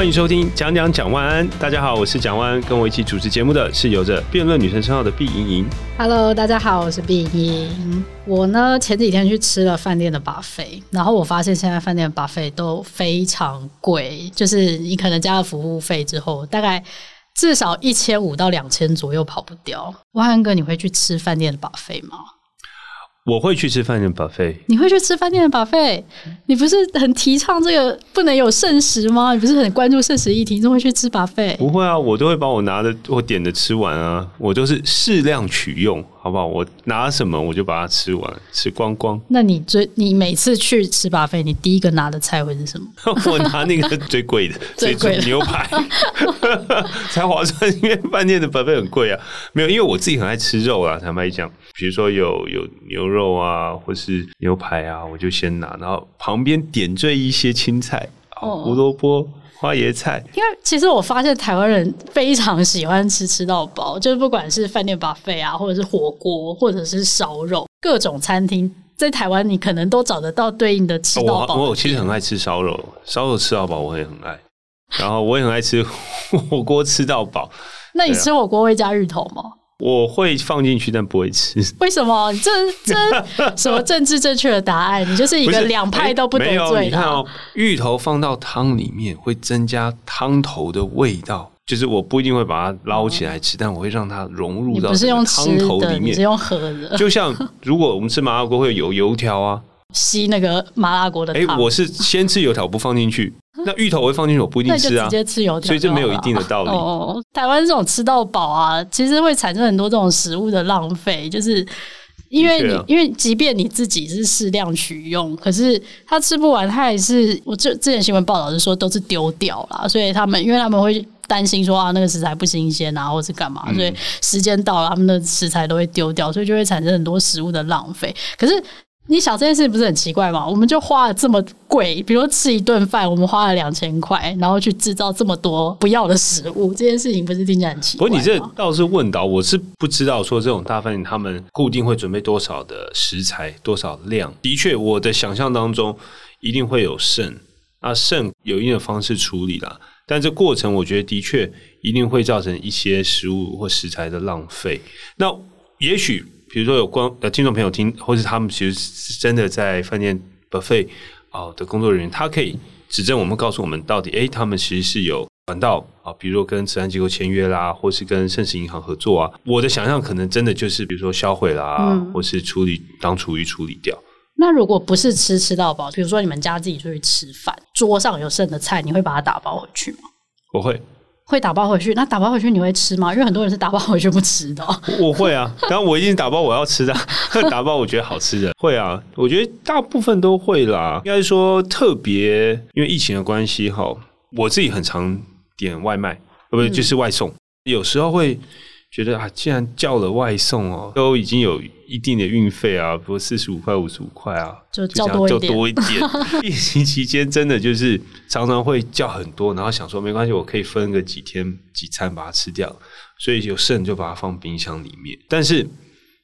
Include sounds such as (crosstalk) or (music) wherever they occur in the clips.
歡迎收聽《講講講萬安》，大家好，我是蔣萬安，跟我一起主持節目的是有着辯論女神稱號的畢瑩瑩。Hello，大家好，我是畢瑩瑩。我呢前幾天去吃了飯店的 b u 然後我發現現在飯店的 u f 都非常貴，就是你可能加了服務費之後，大概至少一千五到兩千左右跑不掉。萬安哥，你會去吃飯店的 b u 嗎？我會去吃飯店的 Buffet。你會去吃飯店的 Buffet？你不是很提倡這個不能有剩食嗎？你不是很關注剩食議題？你怎麼會去吃 Buffet？不會啊，我都會把我拿的、我點的吃完啊，我都是適量取用。好不好？我拿什麼我就把它吃完，吃光光。那你最你每次去吃 Buffet，你第一個拿的菜會是什麼？ (laughs) 我拿那個最貴的，最貴牛排 (laughs) 才划算，因為飯店的 Buffet 很貴啊。沒有，因為我自己很愛吃肉啊，坦白講。比如說有有牛肉啊，或是牛排啊，我就先拿，然後旁邊點綴一些青菜，哦哦、胡蘿蔔。花椰菜，因為其實我發現台灣人非常喜歡吃吃到飽，就是不管是飯店 buffet 啊，或者是火鍋，或者是燒肉，各種餐廳在台灣你可能都找得到對應的吃到飽。我我，我其實很愛吃燒肉，燒肉吃到飽我也很愛，然後我也很愛吃火鍋吃到飽 (laughs) 。那你吃火鍋會加芋頭嗎？我會放進去，但不會吃。為什麼？這是這是什麼政治正確的答案？ (laughs) 你就是一個兩派都不得罪的、欸。沒有，你看哦，芋頭放到湯裡面會增加湯頭的味道，就是我不一定會把它撈起來吃、嗯，但我會讓它融入到湯頭裡面。你不是用吃的，你是用喝的 (laughs) 就像如果我們吃麻辣鍋會有油條啊，吸那個麻辣鍋的湯。哎、欸，我是先吃油條，不放進去。那芋頭我會放進去，我不一定吃啊。那就直接吃油條，所以這沒有一定的道理。啊、哦，台灣這種吃到飽啊，其實會產生很多這種食物的浪費，就是因為你，因為即便你自己是適量取用，可是他吃不完，他也是我這之前新聞報道是說都是丟掉啦。所以他們，因為他們會擔心說啊那個食材不新鮮啊，或是幹嘛，所以時間到了，他們的食材都會丟掉，所以就會產生很多食物的浪費。可是。你想這件事情不是很奇怪嗎？我們就花了這麼貴，比如吃一頓飯，我們花了兩千塊，然後去製造這麼多不要的食物，這件事情不是聽起來很奇怪嗎？不過你這倒是問到，我是不知道說這種大飯店他們固定會準備多少的食材、多少量。的確，我的想象當中一定會有剩，啊，剩有一定的方式處理了，但這過程我覺得的確一定會造成一些食物或食材的浪費。那也許。比如說有觀呃，聽眾朋友聽，或是他們其實是真的在飯店 buffet 啊的工作人員，他可以指正我們，告訴我們到底，哎、欸，他們其實是有管道啊，比如說跟慈善機構簽約啦，或是跟剩食銀行合作啊。我的想象可能真的就是，比如說銷毀啦、嗯，或是處理當廚餘處理掉。那如果不是吃吃到飽，比如說你們家自己出去吃飯，桌上有剩的菜，你會把它打包回去嗎？我會。會打包回去，那打包回去你會吃嗎？因為很多人是打包回去不吃的。我會啊，當然我一定打包我要吃的， (laughs) 打包我覺得好吃的，會啊。我覺得大部分都會啦，應該說特別因為疫情的關係哈，我自己很常點外賣，呃，不就是外送，嗯、有時候會。覺得啊，既然叫了外送哦，都已經有一定的運費啊，比如四十五塊、五十五塊啊，就叫多一點。疫情 (laughs) 期間真的就是常常會叫很多，然後想說沒關係，我可以分個幾天幾餐把它吃掉，所以有剩就把它放冰箱裡面。但是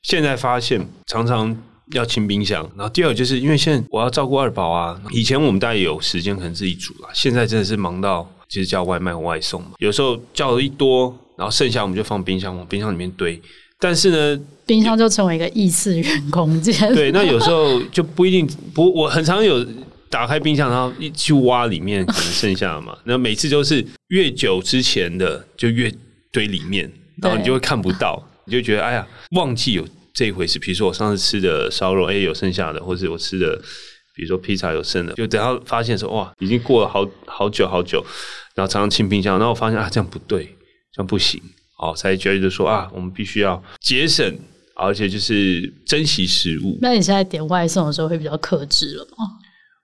現在發現常常要清冰箱，然後第二就是因為現在我要照顧二寶啊，以前我們大家有時間可能自己煮啦，現在真的是忙到就是叫外賣和外送嘛，有時候叫的一多，然後剩下我們就放冰箱，往冰箱裡面堆。但是呢，冰箱就成為一個異次元空間，對，那有時候就不一定不。我很常有打開冰箱，然後一去挖裡面可能剩下的嘛。那 (laughs) 每次都是越久之前的就越堆裡面，然後你就會看不到，你就覺得哎呀，忘記有這一回事。比如說我上次吃的燒肉，哎、欸，有剩下的，或是我吃的，比如說披薩有剩的，就等到發現說哇，已經過了好好久好久，然後常常清冰箱，然後我發現啊，這樣不對。那不行，好、哦，才覺得就說啊，我們必須要節省，而且就是珍惜食物。那你現在點外送的時候會比較克制了嗎？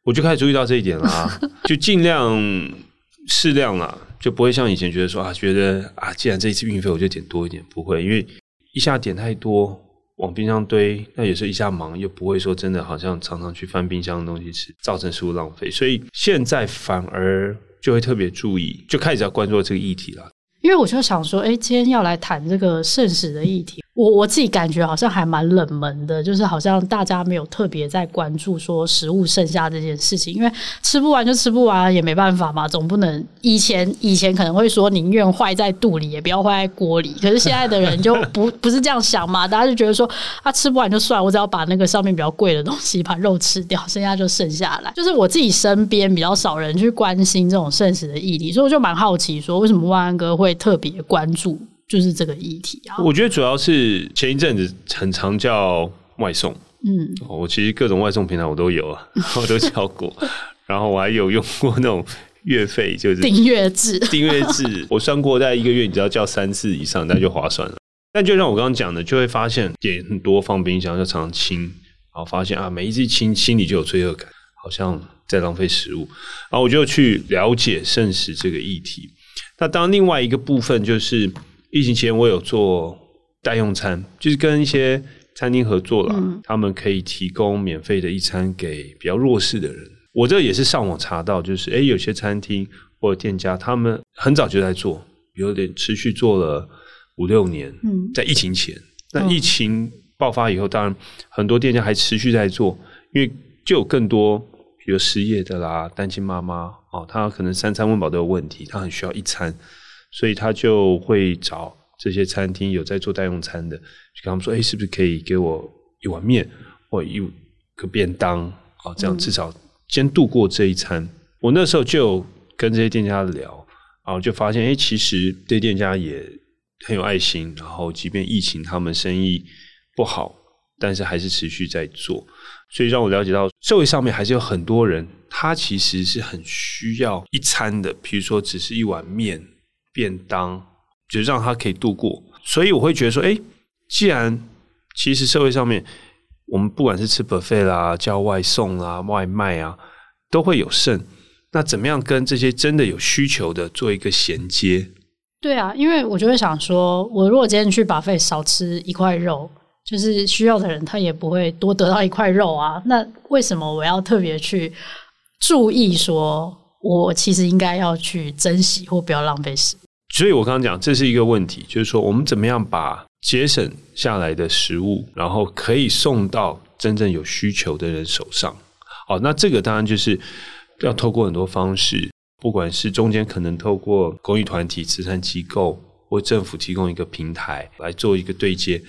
我就開始注意到這一點了， (laughs) 就盡量適量了，就不會像以前覺得說啊，覺得啊，既然這一次運費，我就點多一點。不會，因為一下點太多，往冰箱堆，那有時候一下忙又不會說真的，好像常常去翻冰箱的東西吃，造成食物浪費。所以現在反而就會特別注意，就開始要關注這個議題了。因為我就想說，誒，今天要來談這個剩食的議題。我我自己感覺好像還蠻冷門的，就是好像大家沒有特別在關注說食物剩下這件事情，因為吃不完就吃不完也沒辦法嘛，總不能以前，以前可能會說寧願壞在肚裡也不要壞在鍋裡，可是現在的人就不 (laughs) 不是這樣想嘛，大家就覺得說啊，吃不完就算，我只要把那個上面比較貴的東西把肉吃掉，剩下就剩下來，就是我自己身邊比較少人去關心這種剩食的議題，所以我就蠻好奇說為什麼萬安哥會特別關注。就是這個議題啊，我覺得主要是前一陣子很常叫外送，嗯、哦，我其實各種外送平台我都有啊， (laughs) 我都叫過，然後我還有用過那種月費，就是訂閱制，訂閱制，我算過，大概一個月你 (laughs) 只要叫三次以上那就划算了。嗯、但就像我剛剛講的，就會發現點多放冰箱就常常清，然後發現啊，每一次清心裡就有罪惡感，好像在浪費食物，然後我就去了解剩食這個議題。那當另外一個部分就是。疫情前我有做代用餐，就是跟一些餐廳合作啦、嗯，他們可以提供免費的一餐給比較弱勢的人。我這也是上網查到，就是誒、欸，有些餐廳或者店家他們很早就在做，有點持續做了五六年。嗯，在疫情前，那、嗯、疫情爆發以後，當然很多店家還持續在做，因為就有更多比如失業的啦、單親媽媽哦，他、喔、可能三餐溫飽都有問題，他很需要一餐。所以他就會找這些餐廳有在做代用餐的，就跟他們說：“誒、欸，是不是可以給我一碗麵或一個便當啊？這樣至少先度過這一餐。嗯”我那時候就跟這些店家聊啊，就發現誒、欸，其實這些店家也很有愛心。然後，即便疫情他們生意不好，但是還是持續在做。所以讓我了解到社會上面還是有很多人，他其實是很需要一餐的，比如說只是一碗麵。便當就讓他可以度過，所以我會覺得說，誒，既然其實社會上面我們不管是吃 buffet 啦、叫外送啦，外賣啊，都會有剩，那怎麼樣跟這些真的有需求的做一個銜接？對啊，因為我就會想說，我如果今天去 buffet 少吃一塊肉，就是需要的人他也不會多得到一塊肉啊，那為什麼我要特別去注意說，我其實應該要去珍惜或不要浪費食？所以，我剛剛講，這是一個問題，就是說，我們怎麼樣把節省下來的食物，然後可以送到真正有需求的人手上？好，哦，那這個當然就是要透過很多方式，不管是中間可能透過公益團體、慈善機構或政府提供一個平台來做一個對接。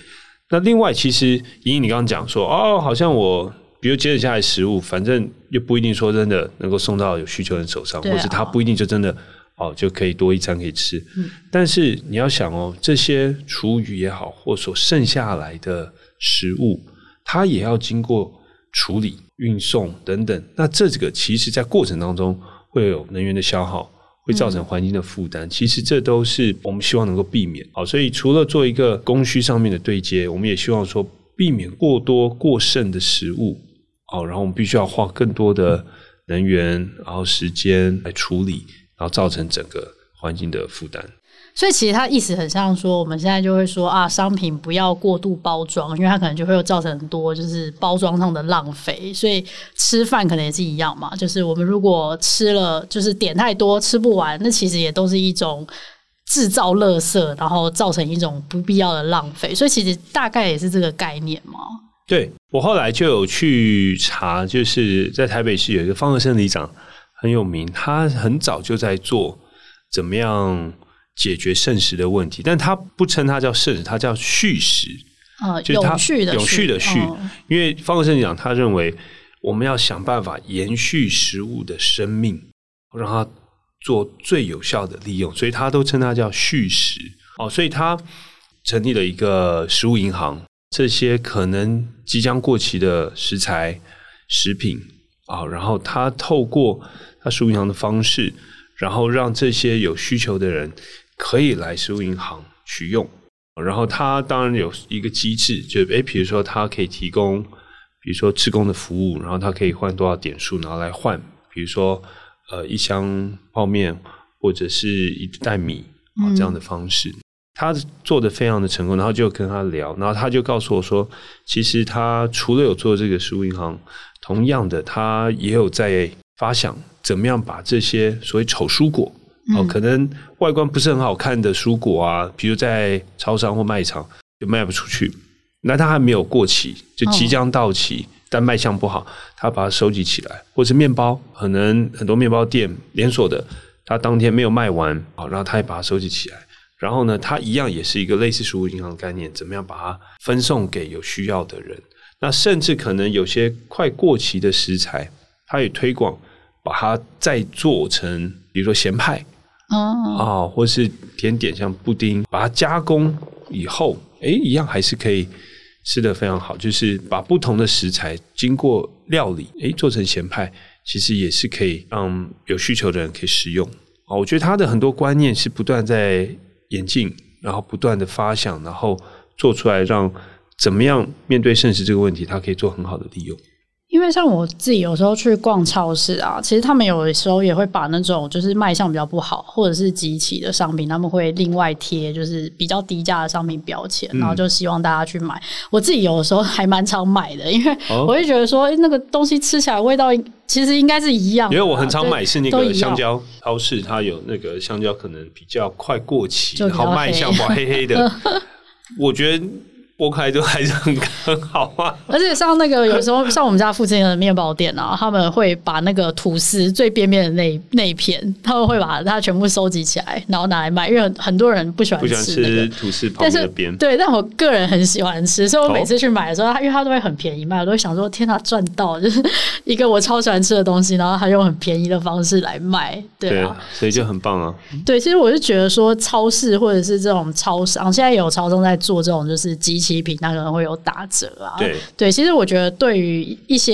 那另外，其實瑩瑩，盈盈你剛剛講說，哦，好像我比如節省下來食物，反正又不一定說真的能夠送到有需求的人手上，啊，或者他不一定就真的。哦，就可以多一餐可以吃，嗯、但是你要想哦，這些廚餘也好，或所剩下來的食物，它也要經過處理、運送等等。那這個其實在過程當中會有能源的消耗，會造成環境的負擔、嗯。其實這都是我們希望能夠避免。好，所以除了做一個供需上面的對接，我們也希望說避免過多過剩的食物。好，然後我們必須要花更多的能源，嗯、然後時間來處理。然後造成整個環境的負擔，所以其實他意思很像說，我們現在就會說啊，商品不要過度包裝，因為它可能就會有造成很多就是包裝上的浪費。所以吃飯可能也是一樣嘛，就是我們如果吃了就是點太多吃不完，那其實也都是一種制造垃圾，然後造成一種不必要的浪費。所以其實大概也是這個概念嘛。對，我後來就有去查，就是在台北市有一個方荷生里長。很有名，他很早就在做怎麼樣解決剩食的問題，但他不稱他叫剩食，他叫續食啊、嗯，就是他永續的續。續的續哦、因為方國勝講，他認為我們要想辦法延續食物的生命，讓它做最有效的利用，所以他都稱他叫續食哦。所以他成立了一個食物銀行，這些可能即將過期的食材、食品。啊、哦，然後他透過他食物銀行的方式，然後讓這些有需求的人可以來食物銀行取用、哦。然後他當然有一個機制，就哎，比如說他可以提供，比如說志工的服務，然後他可以換多少點數，然後來換，比如說呃一箱泡麵或者是一袋米、哦嗯、這樣的方式。他做的非常的成功，然後就跟他聊，然後他就告訴我說，其實他除了有做這個食物銀行。同樣的，他也有在發想怎麼樣把這些所謂醜蔬果，嗯，哦，可能外觀不是很好看的蔬果啊，比如在超商或賣場就賣不出去，那它還沒有過期，就即將到期，哦，但賣相不好，他把它收集起來，或者麵包，可能很多麵包店連鎖的，他當天沒有賣完，哦，然後他也把它收集起來，然後呢，它一樣也是一個類似食物銀行概念，怎麼樣把它分送給有需要的人。那甚至可能有些快過期的食材，它也推廣把它再做成，比如說鹹派，Oh. 啊，或是甜點像布丁，把它加工以後，誒一樣還是可以吃得非常好。就是把不同的食材經過料理，誒，做成鹹派，其實也是可以讓有需求的人可以食用。我覺得他的很多觀念是不斷在演進，然後不斷的發想，然後做出來讓。怎麼樣面對剩食這個問題，他可以做很好的利用。因為像我自己有時候去逛超市啊，其實他們有時候也會把那種就是賣相比較不好或者是即期的商品，他們會另外貼就是比較低價的商品標籤，然後就希望大家去買。嗯、我自己有時候還蠻常買的，因為、哦、我會覺得說那個東西吃起來味道其實應該是一樣的、啊。因為我很常買是那個香蕉超、超市它有那個香蕉可能比較快過期，比較然後賣相哇黑黑的， (laughs) 我覺得。剝開就還是很很好啊，而且像那個有時候像我們家附近的麵包店啊，他們會把那個吐司最邊邊的那那一片，他們會把它全部收集起來，然後拿來賣，因為很多人不喜歡吃吐司，但是邊對，但我個人很喜歡吃，所以我每次去買的時候，他因為他都會很便宜賣，我都會想說天哪、啊、賺到就是一個我超喜歡吃的東西，然後他用很便宜的方式來賣，對啊，所以就很棒啊。對，其實我是覺得說超市或者是這種超市，啊，現在有超商在做這種就是集。七品，他可能會有打折啊。對，其實我覺得，對於一些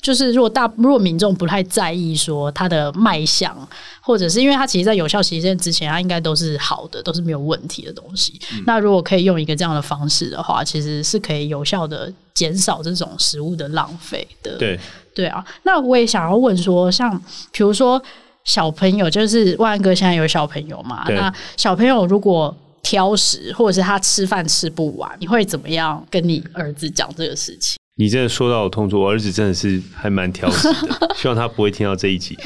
就是，如果大如果民眾不太在意說它的賣相，或者是因為它其實，在有效期限之前，它應該都是好的，都是沒有問題的東西。嗯、那如果可以用一個這樣的方式的話，其實是可以有效的減少這種食物的浪費的。對，對啊。那我也想要問說，像比如說小朋友，就是萬安哥現在有小朋友嘛？那小朋友如果，挑食，或者是他吃飯吃不完，你會怎麼樣跟你兒子講這個事情？你真的說到我痛處，我兒子真的是還蠻挑食的， (laughs) 希望他不會聽到這一集。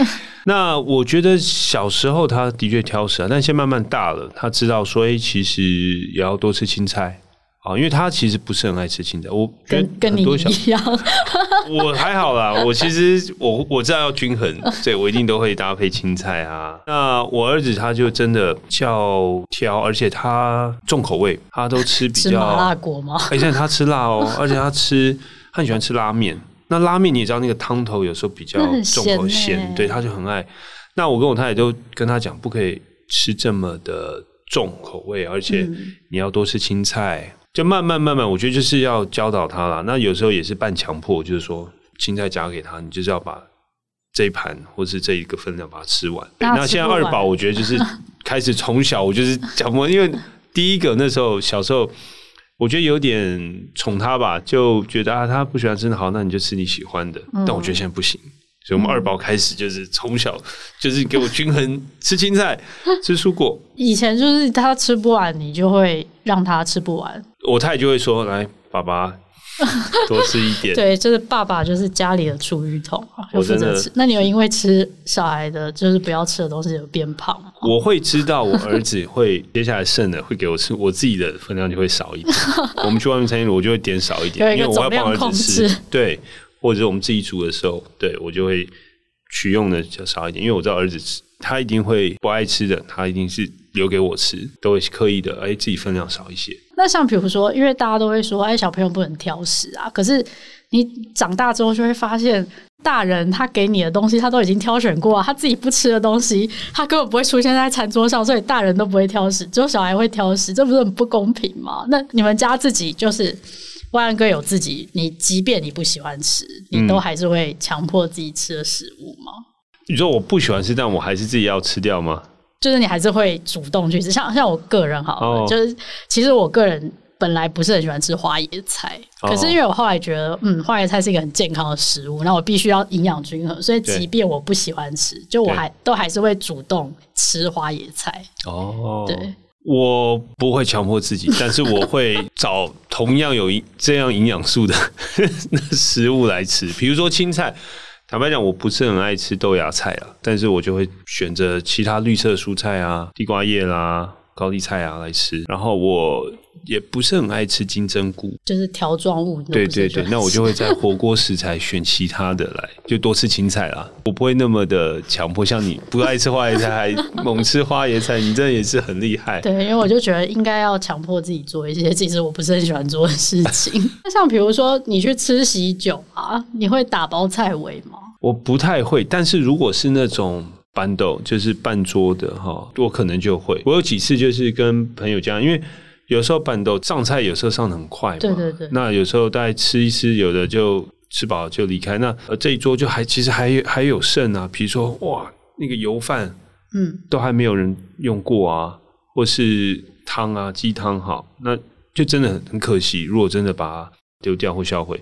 那我覺得小時候他的確挑食啊，但現在慢慢大了，他知道說，哎、欸，其實也要多吃青菜。啊，因為他其實不是很愛吃青菜，我覺得很多小跟你一樣。我還好啦， (laughs) 我其實我我知道要均衡，對，我一定都會搭配青菜啊。那我兒子他就真的較挑，而且他重口味，他都吃比較吃麻辣鍋嗎？哎、欸，現在他吃辣哦、喔，而且他吃他很喜歡吃拉麵。那拉麵你也知道，那個湯頭有時候比較重口鹹、欸，對，他就很愛。那我跟我太太都跟他講，不可以吃這麼的重口味，而且你要多吃青菜。嗯就慢慢慢慢，我覺得就是要教導他啦。那有時候也是半強迫，就是說青菜夾給他，你就是要把這一盤或是這一個分量把它吃完。吃完欸、那現在二寶，我覺得就是開始從小，我就是講過 (laughs) 因為第一個那時候小時候，我覺得有點寵他吧，就覺得啊，他不喜歡吃的，好，那你就吃你喜歡的。嗯、但我覺得現在不行，所以我們二寶開始就是從小就是給我均衡吃青菜、 (laughs) 吃蔬果。以前就是他吃不完，你就會讓他吃不完。我太太就會說：“來，爸爸多吃一點。 (laughs) ”對，就是爸爸就是家裡的廚餘桶，我真的。又吃，那你有因為吃小孩的，就是不要吃的東西，有變胖嗎？我會知道我兒子會接下來剩的會給我吃，我自己的分量就會少一點。 (laughs) 我們去外面餐廳，我就會點少一點， (laughs) 一因為我要幫兒子吃。對，或者是我們自己煮的時候，對我就會取用的就少一點，因為我知道兒子吃。他一定會不愛吃的，他一定是留給我吃，都會刻意的，哎，自己分量少一些。那像比如說，因為大家都會說，哎，小朋友不能挑食啊。可是你長大之後就會發現，大人他給你的東西，他都已經挑選過啊，他自己不吃的東西，他根本不會出現在餐桌上，所以大人都不會挑食，只有小孩會挑食，這不是很不公平嗎？那你們家自己就是萬安哥有自己，你即便你不喜歡吃，你都還是會強迫自己吃的食物嗎？嗯你說我不喜歡吃，但我還是自己要吃掉嗎？就是你還是會主動去吃，像像我個人好，oh. 就是其實我個人本來不是很喜歡吃花椰菜，oh. 可是因為我後來覺得，嗯，花椰菜是一個很健康的食物，那我必須要營養均衡，所以即便我不喜歡吃，就我還都還是會主動吃花椰菜。哦、oh.，對，我不會強迫自己，但是我會找同樣有這樣營養素的 (laughs) (laughs) 食物來吃，比如說青菜。坦白講，我不是很愛吃豆芽菜啦，但是我就會選擇其他綠色蔬菜啊、地瓜葉啦、高麗菜啊來吃，然後我，也不是很愛吃金針菇，就是條狀物對。對對對，那我就會在火鍋食材選其他的來， (laughs) 就多吃青菜啦。我不會那麼的強迫，像你不愛吃花椰菜還猛吃花椰菜， (laughs) 你真的也是很厲害。對，因為我就覺得應該要強迫自己做一些其實我不是很喜歡做的事情。那 (laughs) 像比如說你去吃喜酒啊，你會打包菜尾嗎？我不太會，但是如果是那種搬豆，就是半桌的哈，我可能就會。我有幾次就是跟朋友這樣，因為。有時候辦桌上菜，有時候上得很快嘛。對對對。那有時候大家吃一吃，有的就吃飽了就離開，那這一桌就還其實還有還有剩啊。比如說哇，那個油飯，嗯，都還沒有人用過啊，嗯、或是湯啊，雞湯好，那就真的很可惜，如果真的把它丟掉或銷毀。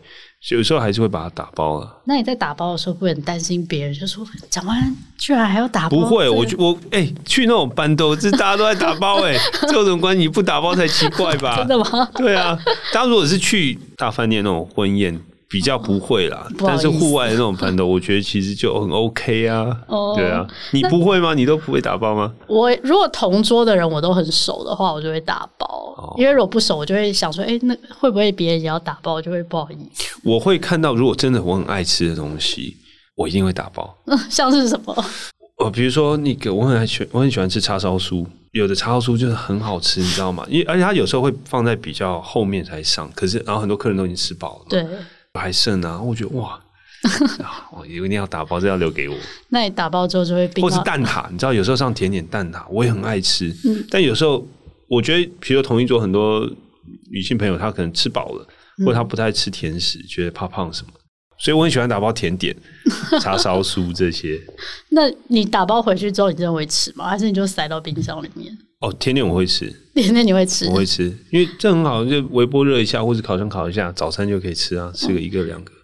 有時候還是會把它打包了、啊。那你在打包的時候，會很擔心別人就說“長官，居然還要打包”？不會，我就我哎、欸，去那種班都，這大家都在打包哎、欸， (laughs) 這種關係不打包才奇怪吧？ (laughs) 真的嗎？對啊，大家如果是去大飯店那種婚宴。比較不會啦、哦不，但是戶外的那種盆豆，我覺得其實就很 OK 啊。哦、對啊，你不會嗎？你都不會打包嗎？我如果同桌的人我都很熟的話，我就會打包、哦。因為如果不熟，我就會想說，哎、欸，那會不會別人也要打包？我就會不好意思。我會看到，如果真的我很愛吃的東西，我一定會打包。像是什麼？比如說那個我很愛吃，我很喜歡吃叉燒酥。有的叉燒酥就是很好吃，你知道嗎？而且它有時候會放在比較後面才上，可是然後很多客人都已經吃飽了。對。還剩啊，我覺得哇，我一定要打包，這要留給我。 (laughs) 那你打包之後就會冰，或是蛋撻，你知道有時候上甜點蛋撻，我也很愛吃。嗯、但有時候我覺得，比如說同一桌很多女性朋友，她可能吃飽了、嗯，或者她不太吃甜食，覺得怕胖什麼，所以我很喜歡打包甜點、叉燒酥這些。 (laughs) 那你打包回去之後，你真的會吃嗎？還是你就塞到冰箱裡面？嗯哦，天天我會吃，天天你會吃，我會吃，因為這很好，就微波熱一下或者烤箱烤一下，早餐就可以吃啊，吃個一個兩個。嗯、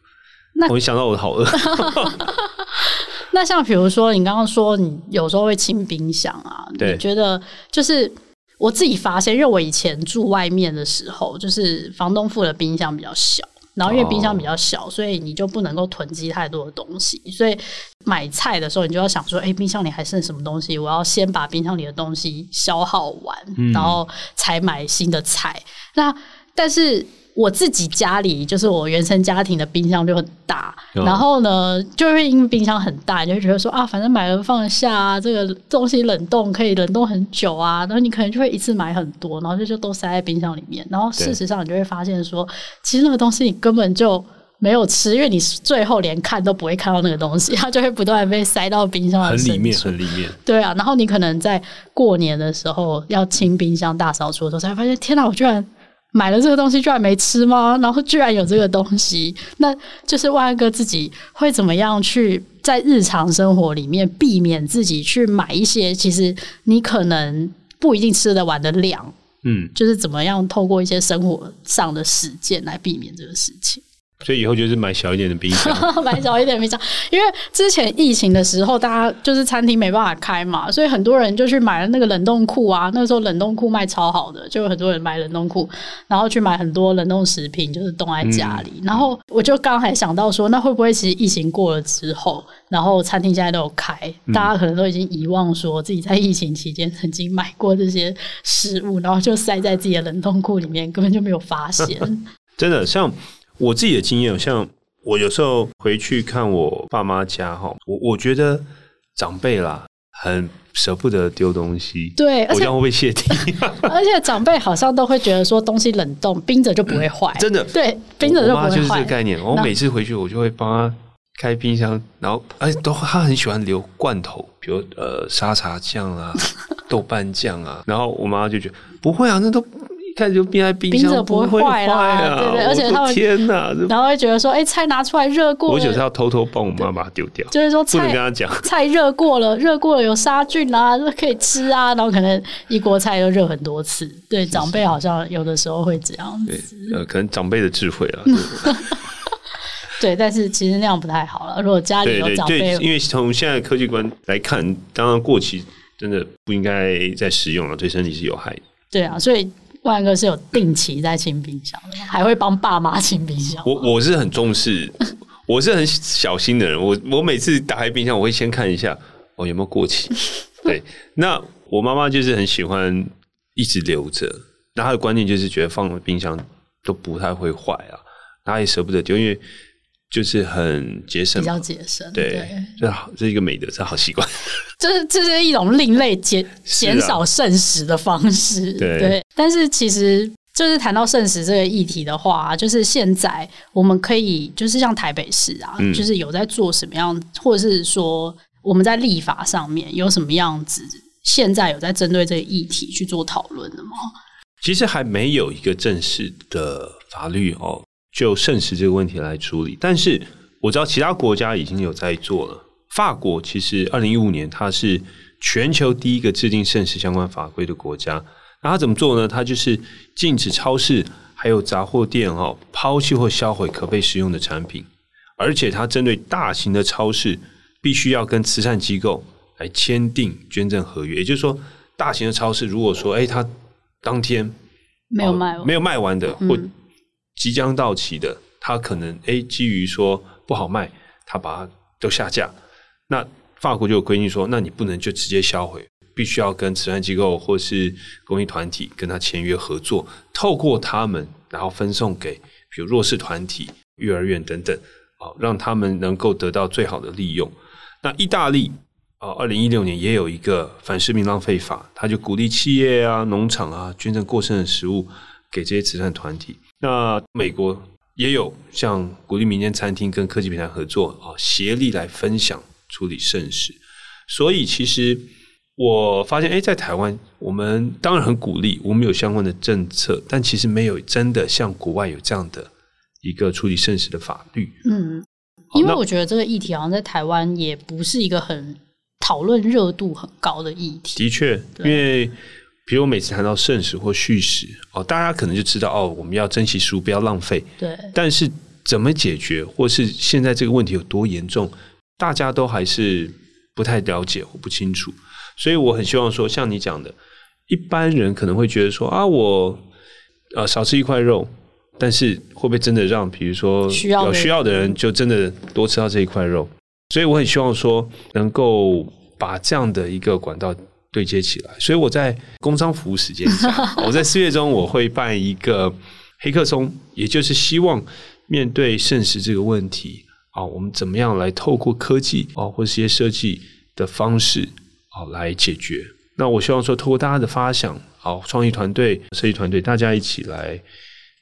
那我一、哦、想到我好餓。 (laughs) (laughs) 那像比如說，你剛剛說你有時候會清冰箱啊，對，你覺得就是我自己發現，因為我以前住外面的時候，就是房東付的冰箱比較小。然後因為冰箱比較小，oh. 所以你就不能夠囤積太多的東西。所以買菜的時候，你就要想說：哎，冰箱裡還剩什麼東西？我要先把冰箱裡的東西消耗完，嗯、然後才買新的菜。那但是。我自己家裡就是我原生家庭的冰箱就很大，嗯、然後呢，就是因為冰箱很大，你就會覺得說啊，反正買了放下啊，這個東西冷凍可以冷凍很久啊，然後你可能就會一次買很多，然後就就都塞在冰箱裡面。然後事實上，你就會發現說，其實那個東西你根本就沒有吃，因為你最後連看都不會看到那個東西，它就會不斷被塞到冰箱的裡面，很裡面，對啊。然後你可能在過年的時候要清冰箱大掃除的時候，才發現，天哪、啊，我居然。買了這個東西居然沒吃嗎？然後居然有這個東西，那就是萬哥自己會怎麼樣去在日常生活裡面避免自己去買一些其實你可能不一定吃得完的量，嗯，就是怎麼樣透過一些生活上的實踐來避免這個事情。所以以後就是買小一點的冰箱 (laughs) 買小一點的冰箱。因為之前疫情的時候，大家就是餐廳沒辦法開嘛，所以很多人就去買了那個冷凍庫啊。那個時候冷凍庫賣超好的，就有很多人買冷凍庫，然後去買很多冷凍食品，就是凍在家裡。然後我就剛還想到說，那會不會其實疫情過了之後，然後餐廳現在都有開，大家可能都已經遺忘，說自己在疫情期間曾經買過這些食物，然後就塞在自己的冷凍庫裡面，根本就沒有發現 (laughs) 真的像。我自己的經驗，像我有時候回去看我爸媽家哈，我我覺得長輩啦很捨不得丟東西，對，而且我這樣會不會泄底 (laughs) 而且長輩好像都會覺得說，東西冷凍冰着就不會壞，嗯，真的，對，冰着就不會壞。我我媽就是這個概念，我每次回去我就會幫他開冰箱，然後而且、哎、都他很喜歡留罐頭，比如呃沙茶醬啊、 (laughs) 豆瓣醬啊，然後我媽就覺得不會啊，那都。看就冰在冰箱不會壞了，啊啊，對對，對、啊，而且他們天哪，然後會覺得說，哎、欸，菜拿出來熱過，我覺得他要偷偷幫我媽媽丟掉，就是說菜菜熱過了，熱過了有殺菌啊，可以吃啊， (laughs) 然後可能一鍋菜都熱很多次，對是是長輩好像有的時候會這樣子，對呃，可能長輩的智慧了，啊，對， (laughs) 對，但是其實那樣不太好了，如果家裡有長輩，因為從現在科技觀來看，當然過期真的不應該再食用了，對身體是有害的，對啊，所以。萬哥是有定期在清冰箱，還會幫爸媽清冰箱。我我是很重視， (laughs) 我是很小心的人。我我每次打開冰箱，我會先看一下哦，有沒有過期。 (laughs) 對，那我媽媽就是很喜歡一直留着，那她的觀念就是覺得放冰箱都不太會壞啊，她也捨不得丟，就因為。就是很節省，比較節省，對，這好，這是一個美德，真好習慣，就是好習慣。這是這是一種另類減減、 (laughs) 啊、少剩食的方式對，對。但是其實就是談到剩食這個議題的話，就是現在我們可以，就是像台北市啊，嗯、就是有在做什麼樣或者是說我們在立法上面有什麼樣子，現在有在針對這個議題去做討論的嗎？其實還沒有一個正式的法律哦。就剩食這個問題來處理，但是我知道其他國家已經有在做了。法國其實二零一五年它是全球第一個制定剩食相關法規的國家。那它怎麼做呢？它就是禁止超市還有雜貨店哦、喔，拋棄或銷毀可被使用的產品，而且它針對大型的超市必須要跟慈善機構來簽訂捐贈合約。也就是說，大型的超市如果說哎、欸、它當天沒有賣完、哦、沒有賣完的或、嗯即將到期的，他可能誒基於說不好賣，他把它都下架。那法國就有規定說，那你不能就直接銷毀，必須要跟慈善機構或是公益團體跟他簽約合作，透過他們，然後分送給比如弱勢團體、幼兒園等等，好、哦、讓他們能夠得到最好的利用。那意大利啊，二零一六年也有一個反食品浪費法，他就鼓勵企業啊、農場啊捐贈過剩的食物給這些慈善團體。那美國也有像鼓勵民間餐廳跟科技平台合作啊，協力來分享處理剩食。所以其實我發現，哎，在台灣，我們當然很鼓勵，我們有相關的政策，但其實沒有真的像國外有這樣的一個處理剩食的法律。嗯，因為我覺得這個議題好像在台灣也不是一個很討論熱度很高的議題。的確，因為。比如我每次談到剩食或續食，哦，大家可能就知道哦，我們要珍惜食物，不要浪費。對。但是怎麼解決，或是現在這個問題有多嚴重，大家都還是不太了解，或不清楚。所以我很希望說，像你講的，一般人可能會覺得說啊，我呃、啊、少吃一塊肉，但是會不會真的讓比如說有需要的人就真的多吃到這一塊肉？所以我很希望說，能夠把這樣的一個管道。對接起來，所以我在工商服務時間我 (laughs) 在四月中我會辦一個黑客松，也就是希望面對剩食這個問題，啊，我們怎麼樣來透過科技啊或是一些設計的方式啊來解決？那我希望說，透過大家的發想，好創意團隊、設計團隊，大家一起來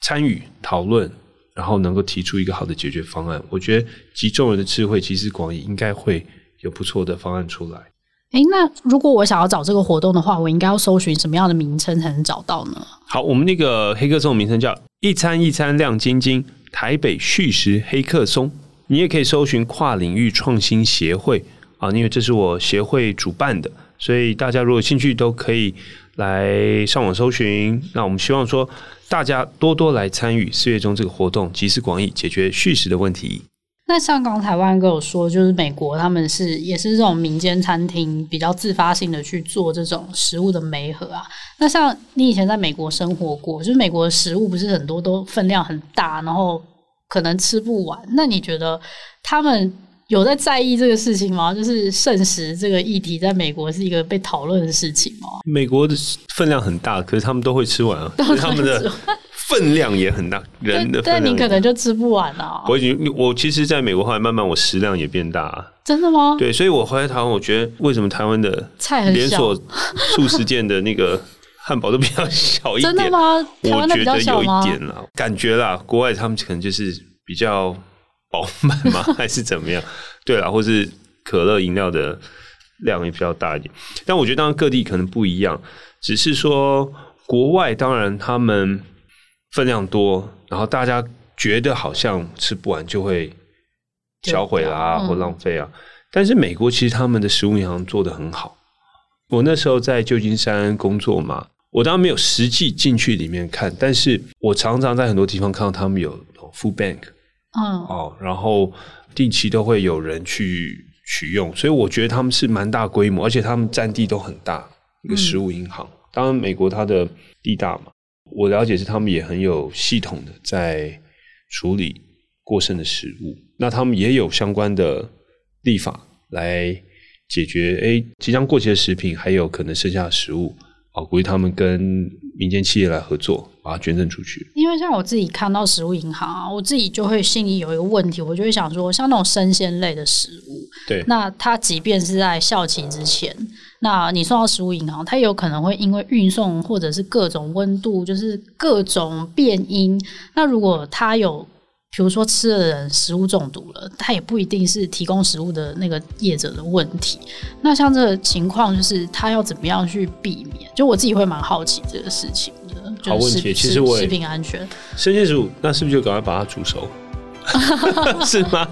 參與討論，然後能夠提出一個好的解決方案。我覺得集眾人的智慧，集思廣益，應該會有不錯的方案出來。哎，那如果我想要找這個活動的話，我應該要搜尋什麼樣的名稱才能找到呢？好，我們那個黑客松的名稱叫“一餐一餐亮晶晶台北續食黑客松”，你也可以搜尋跨領域創新協會啊，因為這是我協會主辦的，所以大家如果興趣都可以來上網搜尋。那我們希望說大家多多來參與四月中這個活動，集思廣益，解決續食的問題。那像剛才萬哥有說，就是美國他們是也是這種民間餐廳比較自發性的去做這種食物的媒合啊。那像你以前在美國生活過，就是美國的食物不是很多都分量很大，然後可能吃不完。那你覺得他們有在在意這個事情嗎？就是剩食這個議題，在美國是一個被討論的事情嗎？美國的分量很大，可是他們都會吃完啊，都都會吃完他們的。 (laughs) 分量也很大，人的分量，但你可能就吃不完了。我已經，我其實，在美國後來慢慢，我食量也變大啊。真的嗎？對，所以，我回來台灣，我覺得為什麼台灣的菜很連鎖素食店的那個漢堡都比較小一點？真的嗎，的嗎？我覺得有一點了，感覺啦，國外他們可能就是比較飽滿嗎？還是怎麼樣？ (laughs) 對啊，或是可樂飲料的量也比較大一點。但我覺得，當然各地可能不一樣，只是說國外，當然他們。分量多，然後大家覺得好像吃不完就會銷毀啦，或浪費啊、嗯。但是美國其實他們的食物銀行做得很好。我那時候在舊金山工作嘛，我當然沒有實際進去裡面看，但是我常常在很多地方看到他們有 food bank，嗯、哦，哦，然後定期都會有人去取用，所以我覺得他們是蠻大規模，而且他們占地都很大，一個食物銀行。嗯、當然美國它的地大嘛。我了解是他們也很有系統的在處理過剩的食物，那他們也有相關的立法來解決。哎、欸，即將過期的食品，還有可能剩下的食物，啊，鼓勵他們跟民間企業來合作。把它捐贈出去。因為像我自己看到食物銀行啊，我自己就會心裡有一個問題，我就會想說，像那種生鮮類的食物，對，那它即便是在效期之前，那你送到食物銀行，它也有可能會因為運送或者是各種溫度，就是各種變因。那如果它有，比如說吃的人食物中毒了，它也不一定是提供食物的那個業者的問題。那像這個情況，就是他要怎麼樣去避免？就我自己會蠻好奇這個事情。好問題、就是，其實我也食，食品安全生鮮食物，那是不是就趕快把它煮熟？ (laughs) (laughs) 是嗎？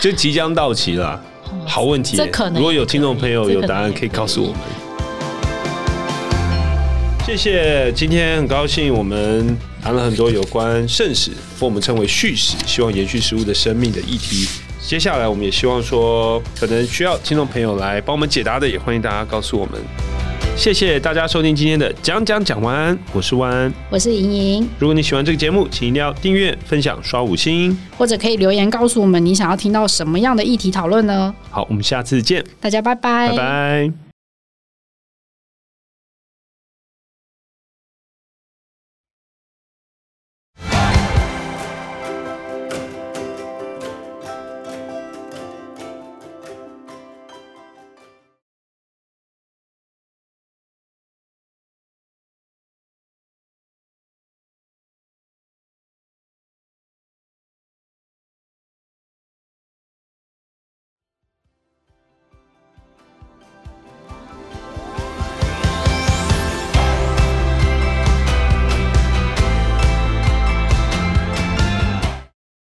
就即將到期了。 (laughs) 好問題、欸，如果有聽眾朋友有答案，可以告訴我們。謝謝，今天很高興我們談了很多有關剩食，或我們稱為續食，希望延續食物的生命的議題。接下來，我們也希望說，可能需要聽眾朋友來幫我們解答的，也歡迎大家告訴我們。謝謝大家收聽今天的講講講萬安，我是萬安，我是瑩瑩。如果你喜歡這個節目，請一定要訂閱、分享、刷五星，或者可以留言告訴我們你想要聽到什麼樣的議題討論呢？好，我們下次見，大家拜拜，拜拜。